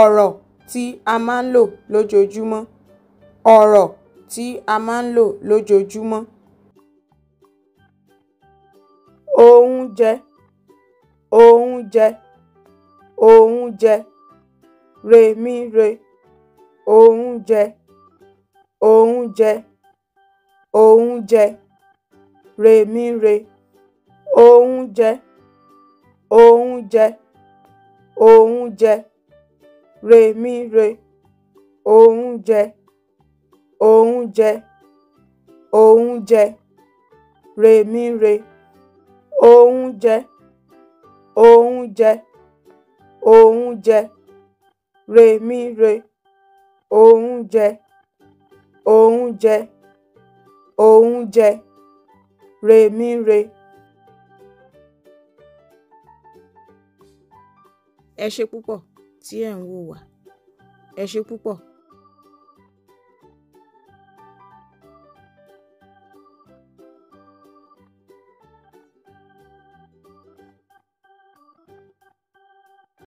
ọ̀rọ̀ tí a máa ń lò lójoojúmọ́ ọ̀rọ̀ tí a máa ń lò lójoojúmọ́ oúnjẹ oúnjẹ oúnjẹ rèmire oúnjẹ oúnjẹ oúnjẹ rèmire oúnjẹ oúnjẹ oúnjẹ rèmire oúnjẹ oúnjẹ oúnjẹ rèmire oúnjẹ oúnjẹ oúnjẹ rèmire oúnjẹ oúnjẹ oúnjẹ rèmire. ẹ ṣé púpọ̀ tí ẹ̀ ń wò wá ẹ ṣe púpọ̀.